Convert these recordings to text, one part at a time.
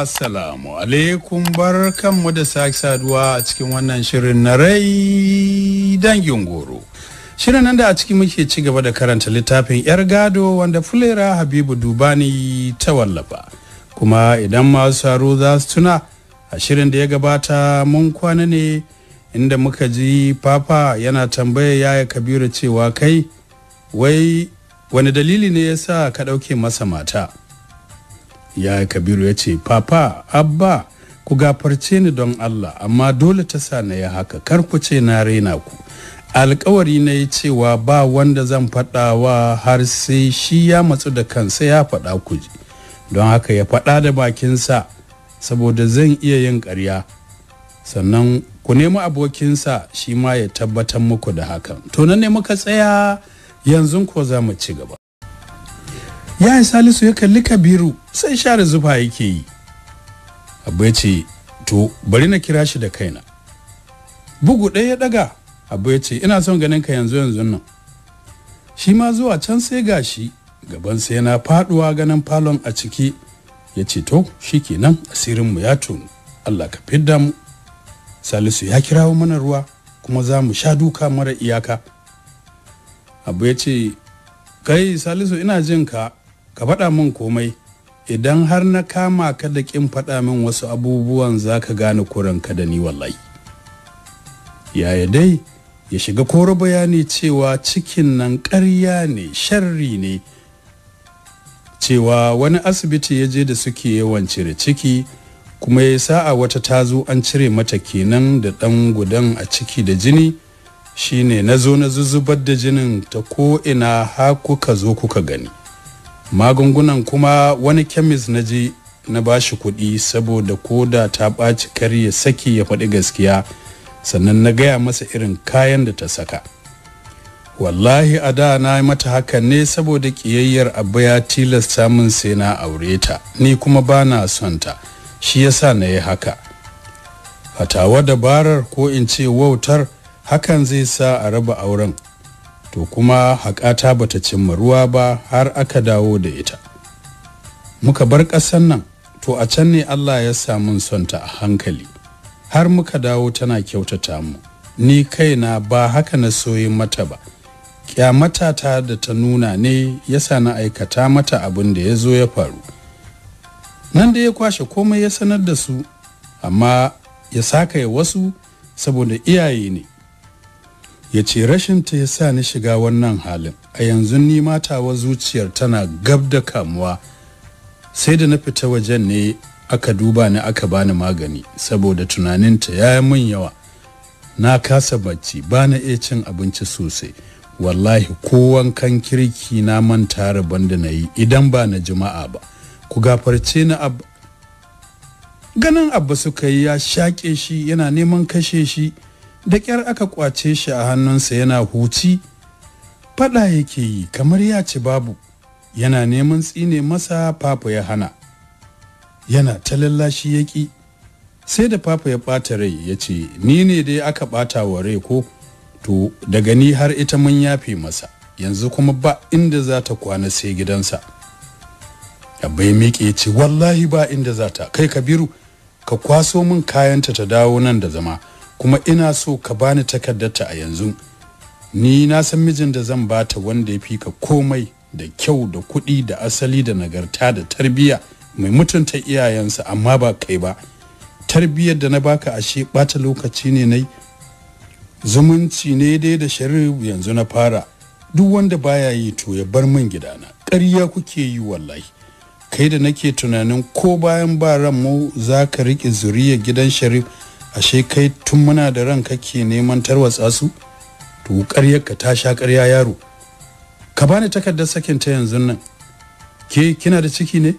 Assalamu alaikum barkanmu da sake saduwa a cikin wannan shirin na rai dangin goro. Shirin nan da a ciki muke ci gaba da karanta littafin 'yar gado wanda fulera Habibu Dubani ta wallafa. Kuma idan masu saro za su tuna a shirin da ya gabata mun kwana ne inda muka ji papa yana tambaya yaya kabiru cewa kai wai wani dalili ne ya sa ka ɗauke masa mata. ya kabiru ya ce papa abba ku gafarce ni don allah amma dole ta sa na ya haka kar ku ce na raina ku alkawari na yi cewa ba wanda zan faɗawa har sai shi ya matsu da kansa ya faɗa ku ji don haka ya faɗa da bakinsa saboda zan iya yin ƙarya sannan ku nemi abokinsa shi ma ya tabbatar muku da hakan to nan ne muka tsaya yanzu ko za mu ci gaba ya yi salisu ya kalli kabiru sai share zufa yake yi abu ya ce to bari na kira shi da kaina bugu ɗaya ya ɗaga abu ya ce ina son ganin ka yanzu yanzu nan shi ma zuwa can sai gashi gaban sai yana faɗuwa ganin falon a ciki ya ce to shi kenan asirinmu ya tunu. allah ka fidda mu salisu ya kirawo mana ruwa kuma za mu sha duka mara iyaka abu ya ce kai salisu ina jin ka ka faɗa min komai idan har na kama ka da ƙin faɗa min wasu abubuwan za ka gane ka da ni wallahi yaya dai ya shiga koro bayani cewa cikin nan ƙarya ne sharri ne cewa wani asibiti ya je da suke yawan cire ciki kuma ya sa'a wata ta zo an cire mata kenan da ɗan gudan a ciki da jini shine na zo na zuzubar da jinin ta ko ina ha kuka zo kuka gani magungunan kuma wani kemis na ji na ba shi kuɗi saboda ko da ta ɓaci kar ya saki ya faɗi gaskiya sannan na gaya masa irin kayan da ta saka wallahi a da na mata haka ne saboda ƙiyayyar abba ya tilasta min sai na aure ta ni kuma ba na son ta shi ya sa na yi haka fatawa dabarar ko in ce wautar hakan zai sa a raba auren to kuma haƙata bata cimma ruwa ba har aka dawo da ita muka bar ƙasar nan to a can ne Allah ya samun sonta a hankali har muka dawo tana kyautata mu ni kaina ba haka na soyi mata ba Ƙyamata ta da ta nuna ne ya sa na aikata mata abin da ya zo ya faru nan da ya kwashe komai ya sanar da su amma ya saka ya wasu saboda iyaye ne ya ce rashinta ya sa ni shiga wannan halin a yanzu ni matawa zuciyar tana gab da kamuwa sai da na fita wajen ne aka duba ni aka bani magani saboda tunaninta ya yi min yawa na kasa bacci ba na iya cin abinci sosai wallahi ko wankan kirki na manta rabon da na yi idan ba na juma'a ba ku gafarce ni ab ganin abba suka yi ya shaƙe shi yana neman kashe shi da ƙyar aka kwace shi a hannunsa yana huci Faɗa yake yi kamar ya ci babu yana neman tsine masa fafa ya hana yana ta lallashi ya ƙi sai da fafa ya ɓata rai ya ce ni ne dai aka ɓata wa rai ko to daga ni har ita mun yafe masa yanzu kuma ba inda za ta kwana sai gidansa abba ya miƙe ya ce wallahi ba inda za ta kai kabiru ka kwaso min kayanta ta dawo nan da zama kuma ina so ka bani takardarta a yanzu ni na san mijin da zan bata wanda ya fi ka komai da kyau da kuɗi da asali da nagarta da tarbiyya mai mutunta iyayensa amma ba kai ba tarbiyyar da na baka ashe ɓata lokaci ne nai zumunci ne dai da sharri yanzu na fara duk wanda baya yi to ya bar min gidana ƙarya kuke yi wallahi kai da nake tunanin ko bayan ba ran mu za ka riƙe zuriyar gidan sharif ashe kai tun muna da ran kake neman tarwatsa su to ƙaryarka ta sha ƙarya yaro ka bani takardar sakin ta yanzu nan ke kina da ciki ne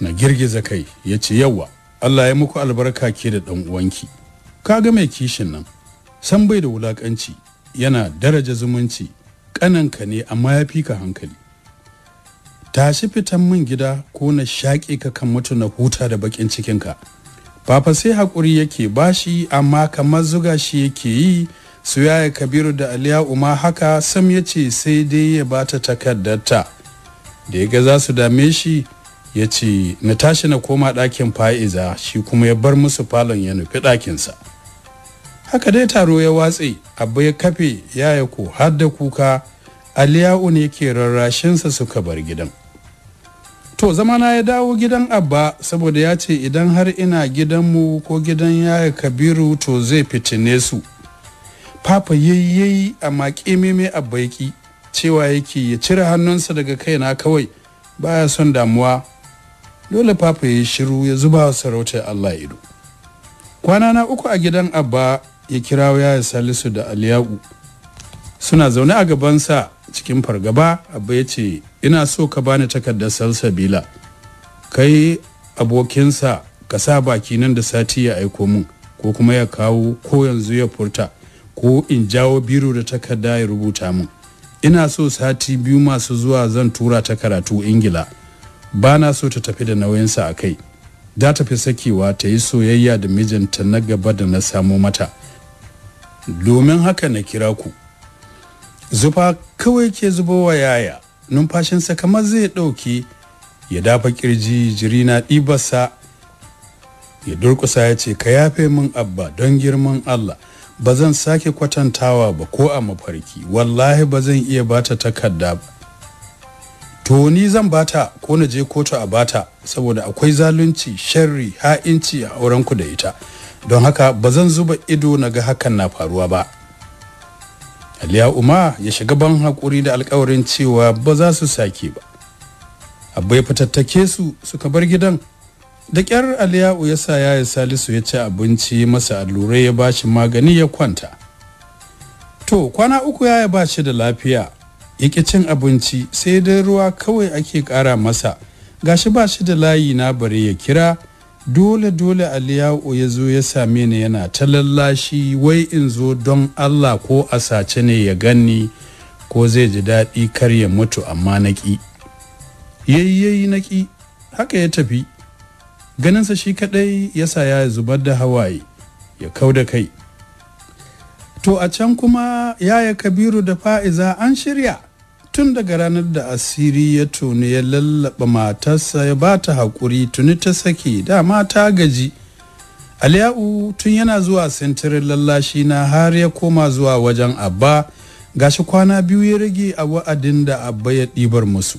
na girgiza kai ya ce yawa Allah ya muku albarka ke da ɗan uwanki Ka ga mai kishin nan san bai da wulaƙanci yana daraja zumunci ƙananka ne amma ya fi ka hankali tashi fitan min gida ko na shaƙe ka kan mutu na huta da baƙin cikinka Papa sai haƙuri yake bashi amma kamar zuga shi yake yi su yaya kabiru da aliya ma haka sam ya ce sai dai ya bata takardarta da ya ga za su dame shi ya ce na tashi na koma ɗakin fa'iza shi kuma ya bar musu falon ya nufi ɗakinsa haka dai taro ya watse abu ya kafe yaya ko har da kuka aliya'u ne yake rarrashinsa suka bar gidan to zamana ya dawo gidan abba saboda ya ce idan har ina gidanmu ko gidan yaya kabiru to zai fitine su papa yayyayi a maƙi meme abba yaki cewa yake ya cire hannunsa daga kaina kawai baya son damuwa dole papa ya shiru ya zuba wa sarautar allah ido kwana na uku a gidan abba ya kirawo yaya salisu da aliyaku suna zaune a gabansa cikin fargaba abba ya ce ina so ka bani takardar salsabila kai abokinsa ka sa baki nan da sati ya aiko mun ko kuma ya kawo ko yanzu ya furta ko in jawo biro da takarda ya rubuta mun ina so sati biyu masu zuwa zan tura ta karatu ingila ba na so ta tafi da nauyinsa a kai da tafi sakewa ta yi soyayya da mijinta na gaba da na samo mata domin haka na kira ku zufa kawai ke zubowa yaya numfashinsa kamar zai ɗauki ya dafa kirji jiri na ɗibarsa ya durƙusa ya ce ka yafe min abba don girman allah ba zan sake kwatantawa ba ko a mafarki wallahi ba zan iya bata takarda ba to ni zan bata ko na je kotu a bata saboda akwai zalunci sharri ha'inci a aurenku da ita don haka ba zan zuba ido na ga hakan na faruwa ba aliya umar ya shiga ban haƙuri da alƙawarin cewa ba za su sake ba ya fitattake su suka bar gidan da ƙyar aliyu ya sa ya salisu ya ci abinci masa allurai ya bashi magani ya kwanta to kwana uku ya ba shi da lafiya ya ki cin abinci sai dai ruwa kawai ake ƙara masa gashi ba shi da layi na bare ya kira dole dole aliyawo ya zo ya same ni yana ta lallashi wai in zo don allah ko a sace ne ya ganni ko zai ji daɗi kar ya mutu amma naƙi ƙi yayyayi naƙi haka ya tafi ganinsa shi kaɗai ya sa ya zubar da hawaye ya kau da kai to a can kuma yaya kabiru da fa'iza an shirya tun daga ranar da asiri ya tuni ya lallaba matarsa ya ba ta haƙuri tuni ta sake dama ta gaji Aliyu, tun yana zuwa sintirin lallashi na har ya koma zuwa wajen abba gashi kwana biyu ya rage a wa'adin da abba ya ɗibar musu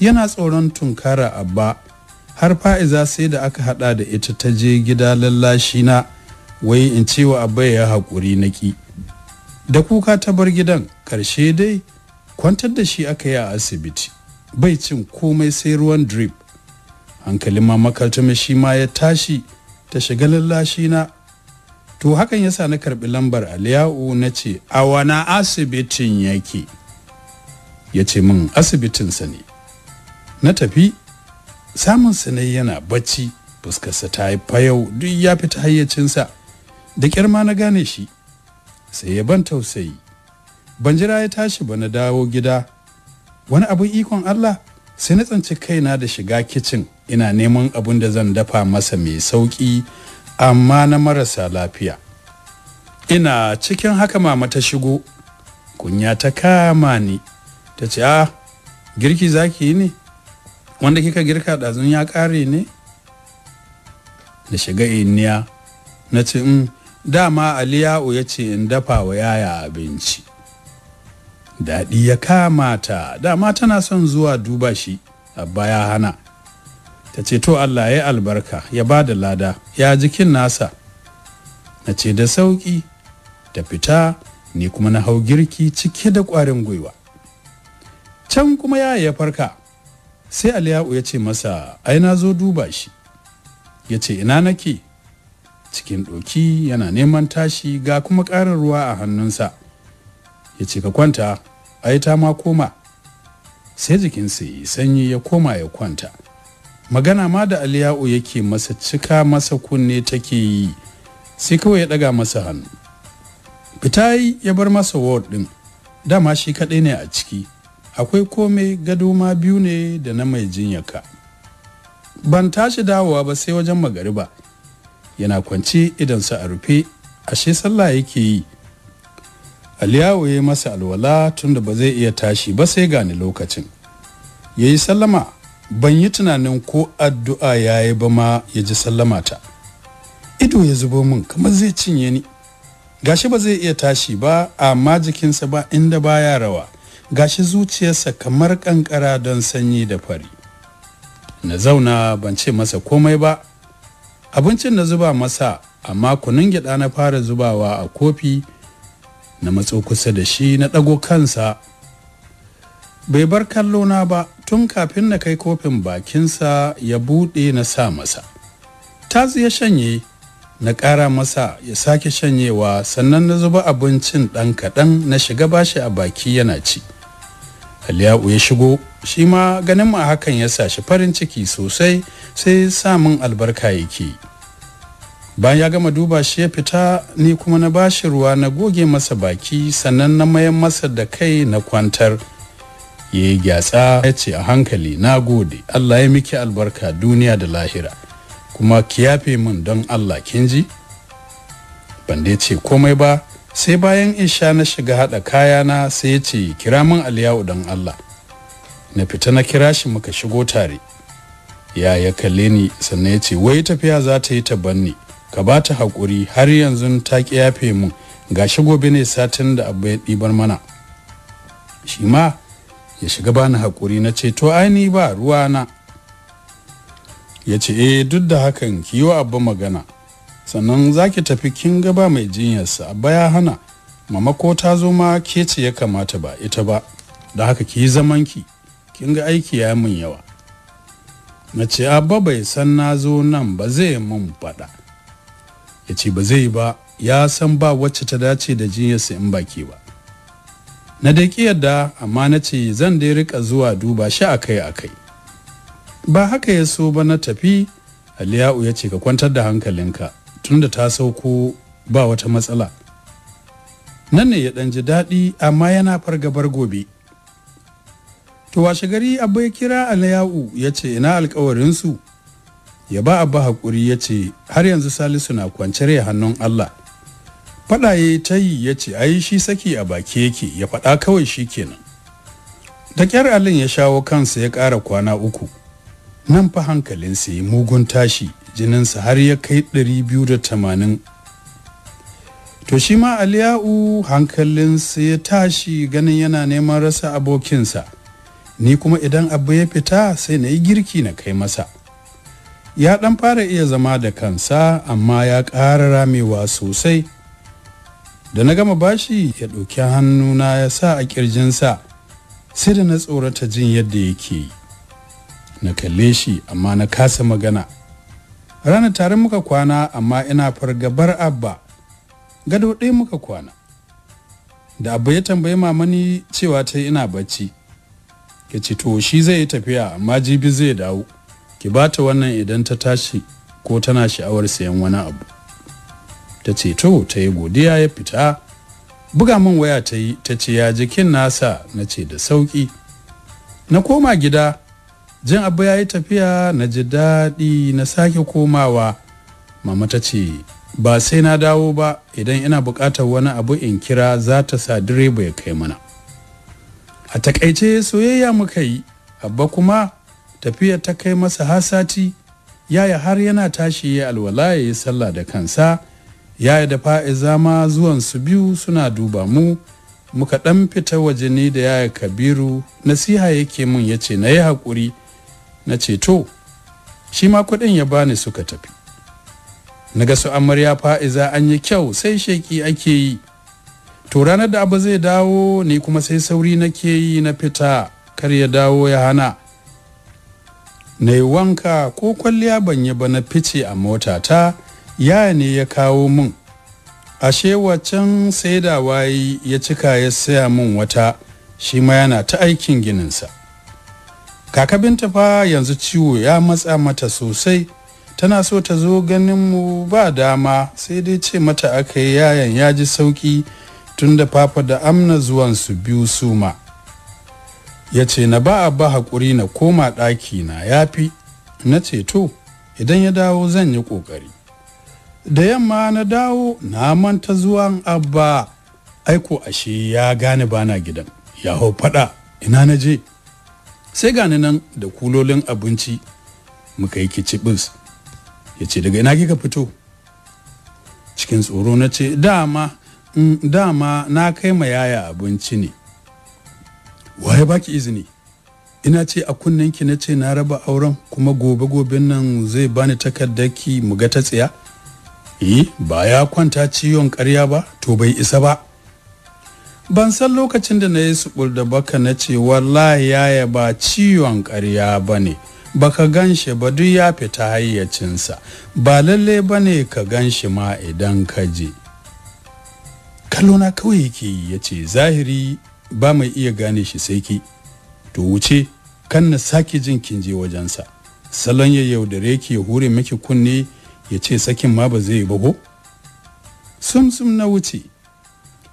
yana tsoron tunkara abba har fa'iza sai da aka hada da ita ta je gida lallashi na wai in ce wa abba ya haƙuri naki da kuka ta bar gidan karshe dai kwantar da shi aka yi a asibiti bai cin komai sai ruwan drip hankalin ma shi ma ya tashi ta shiga lallashi na to hakan yasa na karbi lambar aliyu na ce a wana asibitin yake ya ce min asibitinsa ne na tafi samun ne yana bacci fuskarsa ta yi fayau duk ya fita hayyacinsa da kyar ma na gane shi sai ya ban tausayi ban jira ya tashi ba na dawo gida wani abin ikon Allah sai na tsanci kaina da shiga kicin ina neman abun da zan dafa masa mai sauki amma na marasa lafiya ina cikin haka mama ta shigo kunya ta kama ni ta ce ah girki zaki yi ne wanda kika girka ɗazun ya ƙare ne da shiga iniya na ce in mm, dama aliyu ya ce in dafa wa yaya abinci daɗi ya kama ta dama tana son zuwa duba shi abba ya hana ta ce to allah ya albarka ya ba da lada ya jikin nasa na ce da sauƙi ta fita ne kuma na hau girki cike da ƙwarin gwiwa can kuma ya ya farka sai aliyu ya ce masa ai na zo duba shi ya ce ina nake cikin ɗoki yana neman tashi ga kuma ƙarin ruwa a hannunsa ya ce ka kwanta ai ta ma koma sai jikinsa yi sanyi ya koma ya kwanta magana ma da aliyu yake masa cika masa kunne take yi sai kawai ya daga masa hannu fita ya bar masa ward din dama shi kaɗai ne a ciki akwai komai gado ma biyu ne da na mai jinyaka ban tashi dawowa ba sai wajen magariba yana kwance idansa a rufe ashe sallah yake yi aliyawo ya yi masa alwala tunda ba zai iya tashi ba sai gani lokacin ya yi sallama ban yi tunanin ko addu'a ya yi ba ma ya ji sallama ta ido ya zubo min kamar zai cinye ni gashi ba zai iya tashi ba amma jikinsa ba inda baya rawa gashi zuciyarsa kamar kankara don sanyi da fari na zauna ban ce masa komai ba abincin na zuba masa amma kunun gyaɗa na fara zubawa a kofi na matso kusa da shi na ɗago kansa bai bar kallona ba tun kafin na kai kofin bakinsa ya buɗe na sa masa tasu ya shanye na ƙara masa ya sake shanyewa sannan na zuba abincin ɗan kaɗan na shiga bashi a baki yana ci Aliyu ya shigo shi ma ganin ma hakan ya sa shi farin ciki sosai sai samun albarka yake yi bayan ya gama duba shi ya fita ni kuma na bashi ruwa na goge masa baki sannan na mayan masa da kai na kwantar ya yi gyatsa ya ce a hankali na gode allah ya miki albarka duniya da lahira kuma ki yafe min don allah kin ji ban dace ce komai ba sai bayan isha na shiga haɗa kayana sai ya ce kira min aliyu don allah na fita na kira shi muka shigo tare ya ya kalle ni sannan ya ce wai tafiya za ta yi ta banni ka ba ta haƙuri har yanzu ta ƙi yafe mu gashi gobe ne satin da abu ya ɗibar mana shi ma ya shiga bani hakuri na ce to ai ni ba ruwa na ya ce eh duk da hakan ki yi wa abba magana sannan za ki tafi kin ga ba mai jinyarsa abba ya hana mama ko ta zo ma ke ce ya kamata ba ita ba da haka ki yi zaman ki kin ga aiki ya mun yawa na ce abba bai san na zo nan ba zai mun faɗa ya ce ba zai yi ba ya san ba wacce ta dace da jinyarsa in baki ba na dai yadda amma na ce zan dai rika zuwa duba shi akai akai ba haka ya so ba na tafi aliyu ya ce ka kwantar da hankalinka tunda ta sauko ba wata matsala nan ne ya ɗan ji daɗi amma yana fargabar gobe to washe gari abu ya kira aliyu ya ce ina alkawarinsu ya ba abba haƙuri ya ce har yanzu salisu na kwanciyar hannun allah faɗaye ta yi ya ce ai shi saki a baki yake ya faɗa kawai shi kenan da ƙyar alin ya shawo kansa ya ƙara kwana uku nan fa hankalinsa ya mugun tashi jininsa har ya kai ɗari biyu da tamanin. to shi ma aliyu hankalinsa ya tashi ganin yana neman rasa abokinsa ni kuma idan abu ya fita sai na yi girki na kai masa ya ɗan fara iya zama da kansa amma ya ƙara ramewa sosai da na gama bashi ya ɗauki hannuna ya sa a sa. sai da na tsorata jin yadda yake yi na kalle shi amma na kasa magana rana tare muka kwana amma ina fargabar abba gado ɗaya muka kwana da abba ya tambayi mamani cewa ta ina bacci ya ce to shi zai yi tafiya amma jibi zai dawo ki ba ta wannan idan ta tashi ko tana sha'awar sayan wani abu ta ce to ta yi godiya ya fita buga min waya ta yi ta ce ya jikin nasa na ce da sauki na koma gida jin abu ya yi tafiya na ji daɗi na sake komawa mama ta ce ba sai na dawo ba idan ina buƙatar wani abu in kira za ta sa direba ya kai mana a takaice soyayya muka yi abba kuma tafiya ta kai masa hasati yaya har yana tashi ya alwala ya yi sallah da kansa yaya da fa'iza ma zuwan su biyu suna duba mu muka ɗan fita waje ne da yaya kabiru nasiha yake mun ya ce na yi haƙuri na ceto shi ma kuɗin ya bani suka tafi na ga su amarya fa'iza an yi kyau sai sheki ake yi to ranar da abu zai dawo ne kuma sai sauri nake yi na fita kar ya dawo ya hana na yi wanka ko kwalliya ban yi ba na fice a mota ta, ya ne ya kawo mun ashe waccan sai da wayi ya cika ya saya mun wata shi ma yana ta aikin gininsa Binta fa yanzu ciwo ya matsa mata sosai tana so ta zo ganin mu ba dama sai dai ce mata aka yi yayan ya ji sauki tun da da amna zuwan su biyu suma ya ce na ba abba haƙuri na koma ɗaki na ya fi na ce to idan ya dawo zan yi ƙoƙari da yamma na dawo na manta zuwan abba aiko ashe ya gane bana gidan ya hau faɗa ina na je sai gani nan da kulolin abinci muka yi kicibis ya ce daga ina kika fito cikin tsoro na ce dama mm, dama na kai ma yaya abinci ne waye baki izini ina ce a ki na ce na raba auren kuma gobe-goben nan zai bani ki mu ga ta tsiya eh ba ya kwanta ciwon ƙarya ba to bai isa ba ban san lokacin da na yi su da baka na ce wallahi yaya ba ciwon ƙarya ba ne baka gan shi ba duk ya fita hayyacinsa ba lalle ba ne ka gan shi ma idan ka je kallona kawai yake yi ya ce zahiri ba mai iya gane shi sai ki to wuce kan na sake jin kin je wajensa salon ya yaudare ki ya hure miki kunne ya ce sakin ma ba zai ba ko sumsum na wuce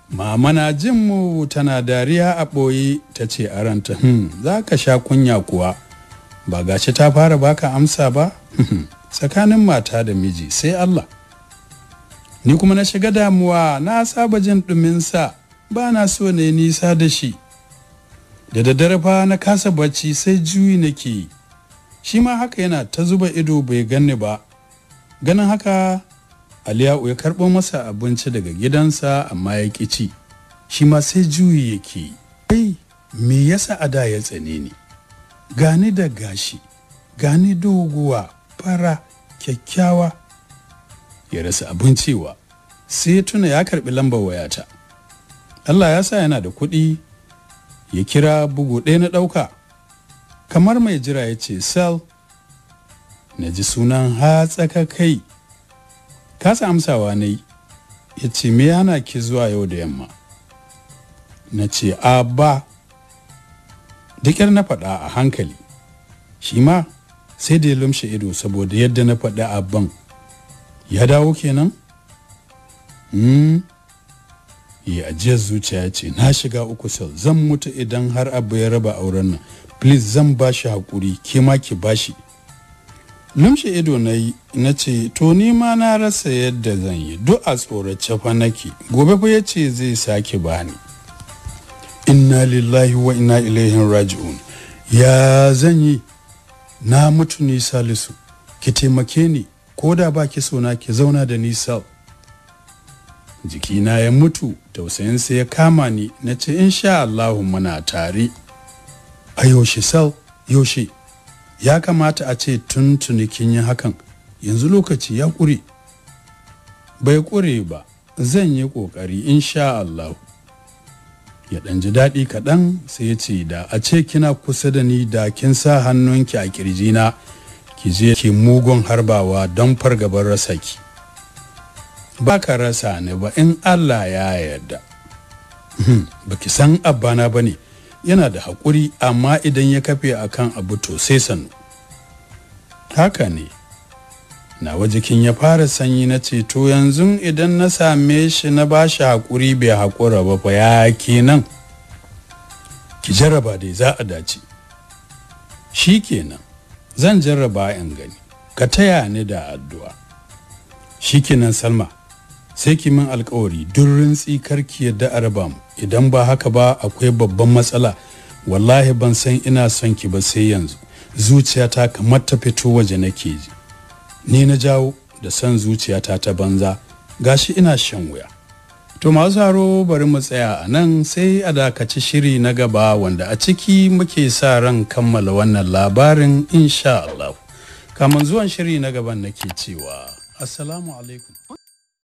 mama na jin mu tana dariya a ɓoye ta ce a ranta hmm, za ka sha kunya kuwa ba gashi ta fara baka amsa ba hmm, tsakanin mata da miji sai Allah ni kuma na shiga damuwa na saba jin ɗuminsa ba na so na nisa da shi da daddare fa na kasa bacci sai juyi nake yi shi ma haka yana ta zuba ido bai ganni ba ganin haka aliyu ya karɓo masa abinci daga gidansa amma ya ƙi shi ma sai juyi yake yi kai me yasa ada ya tsane ni gani da gashi gani doguwa fara kyakkyawa ya rasa abinciwa. sai sai tuna ya karɓi lambar wayata Allah ya sa yana da kuɗi ya kira bugu ɗaya na ɗauka kamar mai jira ya ce sel na ji sunan hatsaka kai kasa amsawa na yi ya ce me yana ki zuwa yau da yamma na ce a ba dukiyar na faɗa a hankali shi ma sai da ya lumshe ido saboda yadda na faɗa abban ya dawo kenan? Mm. ya ajiyar zuciya ce na shiga uku sel zan mutu idan har abu ya raba auren nan please zan ba shi haƙuri ke ma ki ba shi lumshi ido na yi na ce to ni ma na rasa yadda zan yi duk a tsorace fa nake gobe ba ya ce zai sake bani inna lillahi wa inna ilaihin raji'un ya zan yi na mutu ni salisu ki taimake ni ko da ba ki so na ki zauna da ni sal jikina ya mutu tausayinsa ya kama ni na ce insha Allahu muna tare a yaushe sal yaushe ya kamata a ce tun tunikin yi hakan yanzu lokaci ya kure. bai kure ba zan yi ƙoƙari insha Allah ya ɗan ji daɗi kaɗan sai ya ce da a ce kina kusa da ni da kin sa hannunki a kirjina ki je ki mugun harbawa don fargabar rasa ki ba ka rasa ni ba in Allah ya yarda hmm, baki san abana ba ne yana da haƙuri amma idan ya kafe akan abu to sai sannu haka ne nawa jikin ya fara sanyi na ce to yanzu idan na same shi na ba shi haƙuri bai haƙura ba fa ya kenan ki jarraba dai za a dace shi kenan zan jarraba in gani ka taya ni da addu'a shi kenan salma sai ki min alkawari duk rintsi ki yadda a mu idan ba haka ba akwai babban matsala wallahi ban san ina son ki ba sai yanzu zuciyata kamar ta fito waje nake ji ni na jawo da son zuciyata ta banza gashi ina shan wuya to masu haro bari mu tsaya a nan sai a dakaci shiri na gaba wanda a ciki muke sa ran kammala wannan labarin insha Allah kamar zuwan shiri na gaban nake cewa assalamu alaikum